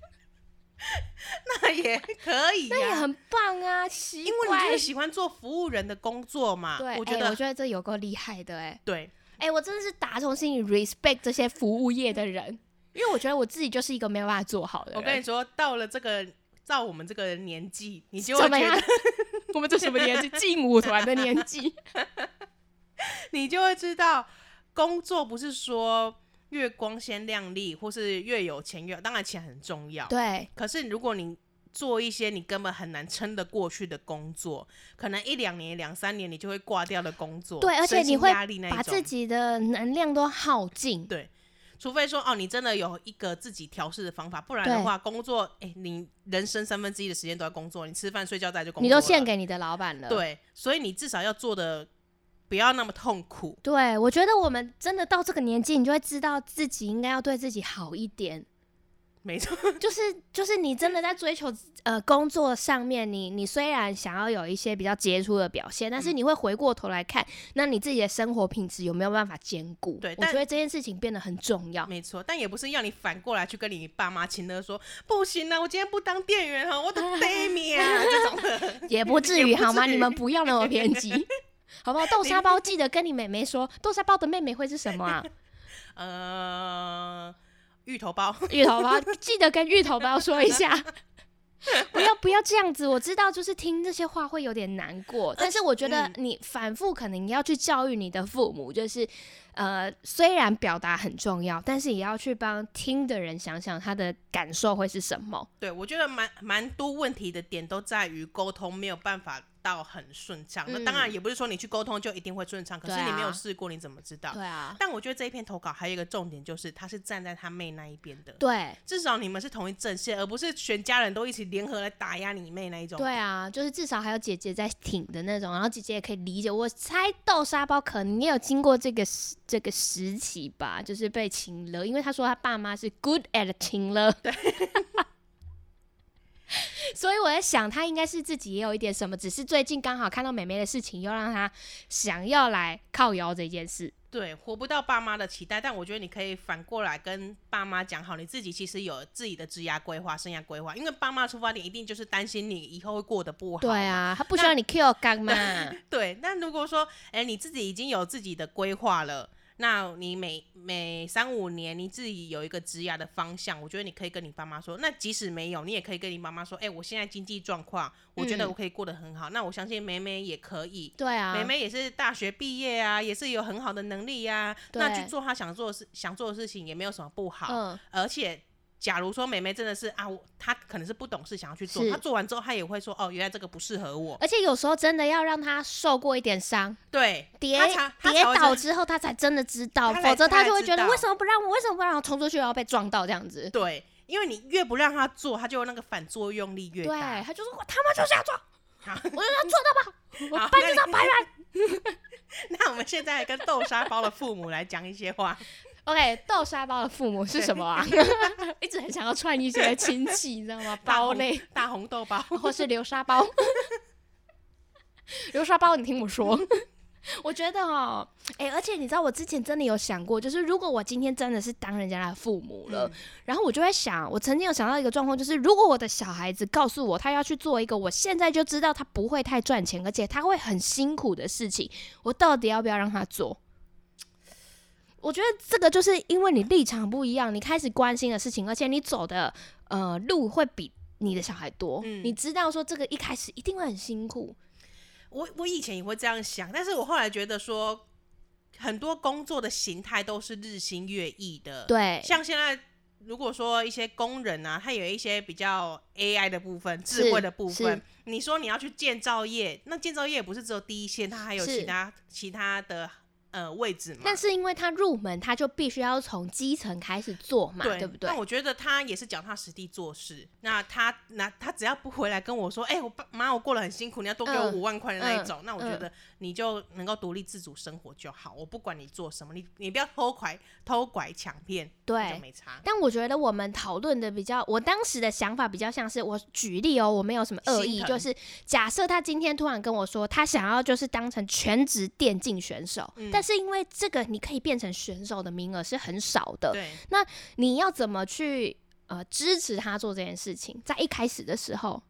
那也可以、啊，那也很棒啊。因為你就是喜歡做服務人的工作嘛，對，我覺得、欸、我覺得這有夠厲害的，哎，對，哎、欸，我真的是打從心裡 respect 這些服務業的人。 因為我覺得我自己就是一個沒有辦法做好的人。我跟你說，到了這個照我們這個年紀，你就會覺得 我們這什麼年紀？勁 舞團的年紀， 你就會知道，工作不是說越光鮮亮麗或是越有錢越當然錢很重要，對。可是如果你做一些你根本很難撐得過去的工作，可能一兩年、兩三年你就會掛掉的工作。對，而且你會把自己的能量都耗盡。對。除非說哦，你真的有一個自己調適的方法，不然的話，工作，誒、欸，你人生三分之一的時間都在工作，你吃飯睡覺再就工作，你都獻給你的老板了。對，所以你至少要做得不要那麼痛苦。對，我覺得我們真的到這個年紀，你就會知道自己應該要對自己好一點。沒錯，就是就是你真的在追求呃工作上面，你你雖然想要有一些比較傑出的表現，但是你會回過頭來看，嗯、那你自己的生活品質有沒有辦法兼顧？對，我覺得這件事情變得很重要。沒錯，但也不是要你反過來去跟你爸媽親哥說，不行啊，我今天不當店員哈，我的媽啊這種、啊、也不至於好嗎？你們不要那麼偏激，好不好？豆沙包記得跟你妹妹說，豆沙包的妹妹會是什麼啊？ 呃。芋頭包， 芋頭包，記得跟芋頭包說一下，不 要不要這樣子。我知道，就是聽這些話會有點難過，但是我覺得你反覆可能你要去教育你的父母，就是呃，雖然表達很重要，但是也要去幫聽的人想想他的感受會是什麼。對，我覺得蠻蠻多問題的點都在於溝通沒有辦法。到很順暢，那當然也不是說你去溝通就一定會順暢。嗯，可是你沒有試過你怎麼知道？對啊，對啊。但我覺得這一篇投稿還有一個重點就是，他是站在他妹那一邊的。對。至少你們是同一陣線，而不是全家人都一起聯合來打壓你妹那一種。對啊，就是至少還有姐姐在挺的那種，然後姐姐也可以理解。我猜豆沙包可能也有經過這個這個時期吧，就是被情勒，因為他說他爸媽是 good at 情勒。對。 所以我在想，他應該是自己也有一點什麼，只是最近剛好看到妹妹的事情，又讓他想要來靠腰這件事。對，活不到爸媽的期待，但我覺得你可以反過來跟爸媽講好，你自己其實有自己的職涯規劃、生涯規劃，因為爸媽出發點一定就是擔心你以後會過得不好。對啊，他不需要你靠幹嘛？ 對，那如果說，哎、欸，你自己已經有自己的規劃了。那你每每三五年你自己有一個職業的方向，我覺得你可以跟你爸媽說。那即使沒有，你也可以跟你媽媽說，哎、欸，我現在經濟狀況，我覺得我可以過得很好，嗯。那我相信妹妹也可以，對啊，妹妹也是大學畢業啊，也是有很好的能力呀，啊。那去做她想做的事想做的事情也沒有什麼不好，嗯，而且。假如說妹妹真的是啊，她可能是不懂事，想要去做。她做完之後，她也會說：“哦，原來這個不適合我。”而且有時候真的要讓她受過一點傷，對，跌跌倒之後，她才真的知道，否則她就會覺得：“你為什麼不讓我？為什麼不讓我衝出去？我要被撞到這樣子。”對，因為你越不讓她做，她就有那個反作用力越大。對，她就說：“我他媽就是要撞、啊 ！”好，我就說：“撞到吧，我搬就當白玩。”那我們現在跟豆沙包的父母來講一些話。OK，豆沙包的父母是什麼啊？ 一直很想要串一些親戚， 你知道嗎？包類大紅，大紅豆包、啊，或是流沙包。 流沙包，你聽我說， 我覺得哦……哎、欸，而且你知道，我之前真的有想過，就是如果我今天真的是當人家的父母了，嗯、然後我就會想，我曾經有想到一個狀況，就是如果我的小孩子告訴我，他要去做一個我現在就知道他不會太賺錢，而且他會很辛苦的事情，我到底要不要讓他做？我覺得這個就是因為你立場不一樣，你開始關心的事情，而且你走的呃路會比你的小孩多。嗯，你知道說這個一開始一定會很辛苦。我我以前也會這樣想，但是我後來覺得說，很多工作的形態都是日新月異的。對，像現在如果說一些工人啊，他有一些比較 AI 的部分、智慧的部分。你說你要去建造業，那建造業也不是只有第一線，它還有其他其他的。呃，位置嘛，但是因為他入門，他就必須要從基層開始做嘛，對，對不對？那我覺得他也是腳踏實地做事。那他，那他只要不回來跟我說，哎、欸，我爸媽我過得很辛苦，你要多給我五萬塊的那一種、嗯嗯，那我覺得你就能夠獨立自主生活就好。我不管你做什麼，你你不要偷拐偷拐搶騙，對，就沒差。但我覺得我們討論的比較，我當時的想法比較像是，我舉例哦、喔，我沒有什麼惡意，就是假設他今天突然跟我說，他想要就是當成全職電競選手。嗯但是因為這個，你可以變成選手的名額是很少的。對，那你要怎麼去，呃，支持他做這件事情？在一開始的時候。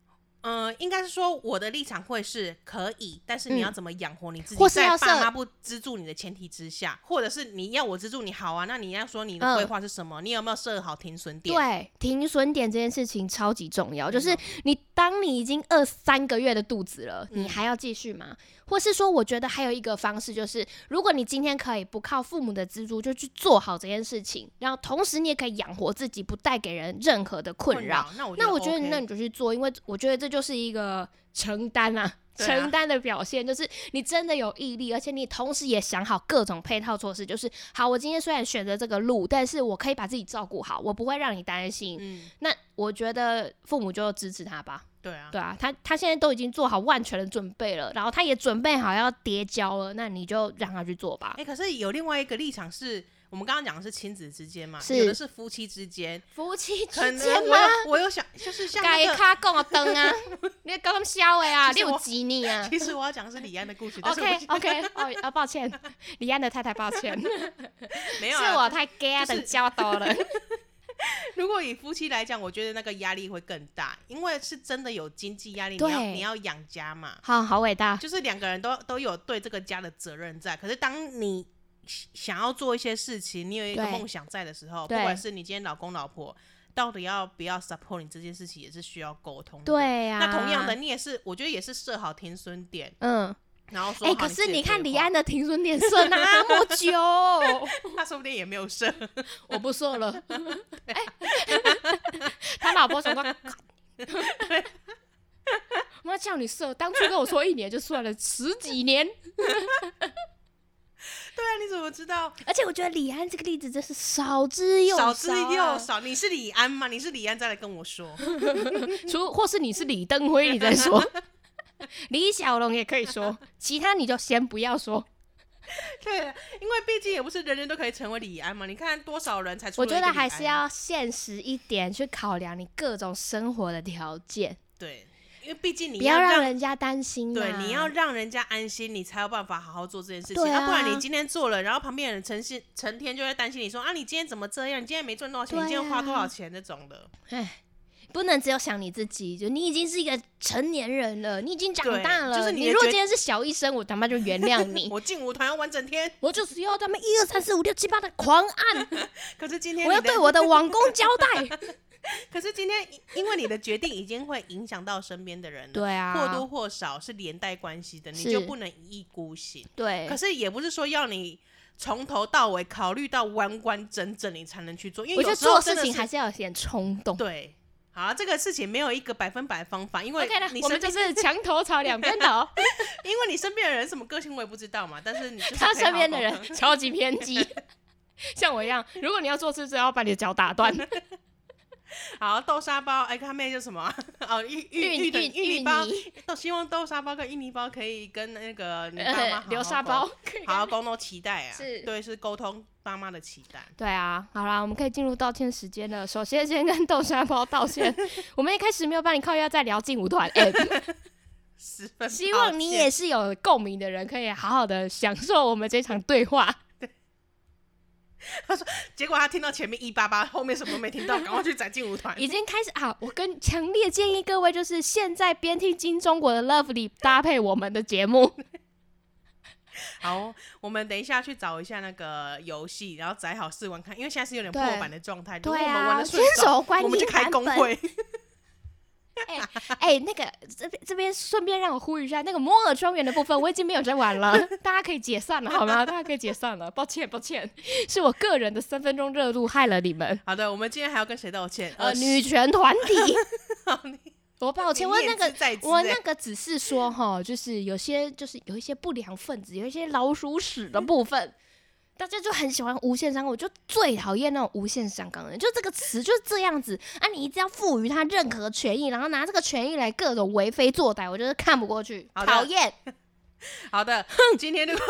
嗯、呃，應該是說我的立場會是可以，但是你要怎麼養活你自己？或是要爸媽不資助你的前提之下，嗯、或，或者是你要我資助你，好啊，那你要說你的規劃是什麼、呃？你有沒有設好停損點？對，停損點這件事情超級重要。嗯、就是你當你已經餓三個月的肚子了，你還要繼續嗎、嗯？或是說，我覺得還有一個方式就是，如果你今天可以不靠父母的資助就去做好這件事情，然後同時你也可以養活自己，不帶給人任何的困擾、OK。那我覺得那你就去做，因為我覺得這。就是一個承擔啊，啊，承擔的表現，就是你真的有毅力，而且你同時也想好各種配套措施，就是好，我今天雖然選擇這個路，但是我可以把自己照顧好，我不會讓你擔心。嗯，那我覺得父母就支持他吧，對啊，對啊，他他現在都已經做好萬全的準備了，然後他也準備好要跌跤了，那你就讓他去做吧。誒、欸，可是有另外一個立場是。我們剛剛講的是親子之間嘛是，有的是夫妻之間，夫妻之間嗎？我又想，就是像改卡共啊燈啊， 你剛剛瞎啊，六級你有啊。其實我要講的是李安的故事。 OK OK，、oh, 抱歉，李安的太太，抱歉， 沒有、啊、是我太 g a 教等多了。就是、 如果以夫妻來講，我覺得那個壓力會更大，因為是真的有經濟壓力對，你要你要養家嘛。好、哦，好偉大，就是兩個人都都有對這個家的責任在。可是當你。想要做一些事情，你有一個夢想在的時候，不管是你今天老公老婆到底要不要 support 你這件事情，也是需要溝通的。對呀、啊，那同樣的，你也是，我覺得也是設好停損點，嗯，然後說。哎、欸，可是你看李安的停損點，設那麼久？那說不定也沒有設。我不設了。哎，他老婆什麼？“叫你設，當初跟我說一年就算了，十幾年。”對啊，你怎麼知道？而且我覺得李安這個例子真是少之又少、啊、少之又少。你是李安嗎？你是李安再來跟我說， 除或是你是李登輝，你再說。 李小龍也可以說，其他你就先不要說。 對、啊，因為畢竟也不是人人都可以成為李安嘛。你看多少人才出了一個李安？我覺得還是要現實一點，去考量你各種生活的條件。對。因為畢竟你要讓，不要讓人家擔心，啊，對，你要讓人家安心，你才有辦法好好做這件事情。對，啊，啊，不然你今天做了，然後旁邊人成天成天就在擔心，你說啊，你今天怎麼這樣？你今天沒賺多少錢啊？你今天花多少錢？那種的。哎，不能只有想你自己，就你已經是一個成年人了，你已經長大了。就是你，你如果今天是小醫生，我他媽就原諒你。 我勁舞團要玩整天，我就只要他們一二三四五六七八的狂按。 可是今天我要對我的網公交代。 可是今天，因為你的決定已經會影響到身邊的人了， 對啊，或多或少是連帶關係的，你就不能一意孤行。對，可是也不是說要你從頭到尾考慮到完完整整你才能去做，因為有時候我做事情還是要先衝動。對，好、啊，這個事情沒有一個百分百方法，因為你、okay、我們就是牆頭草兩邊倒， 因為你身邊的人什麼個性我也不知道嘛，但是，你是、哦、他身邊的人超級偏激， 像我一樣，如果你要做事，就要把你的腳打斷。 好豆沙包，哎、欸，他妹叫什麼？哦，芋芋芋芋芋泥包。哦，希望豆沙包跟芋泥包可以跟那個你好好、呃、流沙包好溝通期待啊， 是對，是溝通媽媽的期待。對啊，好啦，我們可以進入道歉時間了。首先，先跟豆沙包道歉， 我們一開始沒有幫你靠腰，要再聊勁舞團。十分希望你也是有共鳴的人，可以好好的享受我們這場對話。他說：“結果他聽到前面一八八，後面什麼都沒聽到，趕快去載勁舞團， 已經開始啊！我跟強烈建議各位，就是現在邊聽金鍾國的《Lovely》搭配我們的節目。 好，我們等一下去找一下那個遊戲，然後載好試玩看，因為現在是有點破版的狀態，如果我們玩的順、啊、手，我們就開工會。 ”哎、欸、哎、欸，那個這邊這邊順便讓我呼籲一下，那個摩爾莊園的部分我已經沒有在玩了， 大家可以解散了，好嗎？大家可以解散了，抱歉抱歉，是我個人的三分鐘熱度害了你們。好的，我們今天還要跟誰道歉？呃，女權團體、 哦。我抱歉，知知我那個我那個只是說哈，就是有些就是有一些不良分子，有一些老鼠屎的部分。 大家就很喜歡無限上綱，我就最討厭那種無限上綱的人。就這個詞就是這樣子啊，你一定要賦予他任何權益，然後拿這個權益來各種為非作歹，我覺得看不過去，討厭。好的哼，今天如果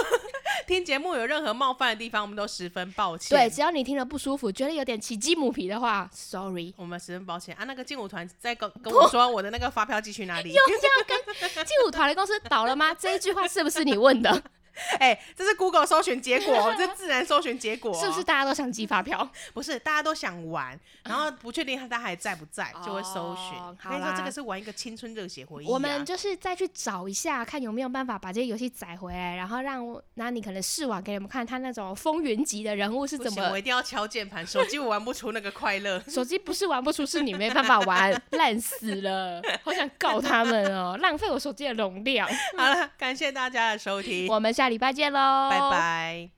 聽節目有任何冒犯的地方，我們都十分抱歉。對，只要你聽了不舒服，覺得有點起雞母皮的話，sorry，我們十分抱歉啊。那個勁舞團在跟跟我說我的那個發票寄去哪裡？又是要跟勁舞團的公司倒了嗎？ 這一句話是不是你問的？哎、欸，這是 Google 搜尋結果，這是自然搜尋結果、喔， 是不是大家都想寄發票？ 不是，大家都想玩，然後不確定他還在不在，嗯、就會搜尋。好、哦、啦，跟你說這個是玩一個青春熱血回憶、啊。我們就是再去找一下，看有沒有辦法把這些遊戲載回來，然後讓那你可能試玩給你們看，他那種風雲級的人物是怎麼。我一定要敲鍵盤， 手機我玩不出那個快樂。 手機不是玩不出，是你沒辦法玩，爛 死了，好想告他們哦、喔， 浪費我手機的容量。好了、嗯，感謝大家的收聽，我們下。下禮拜見嘍，拜拜。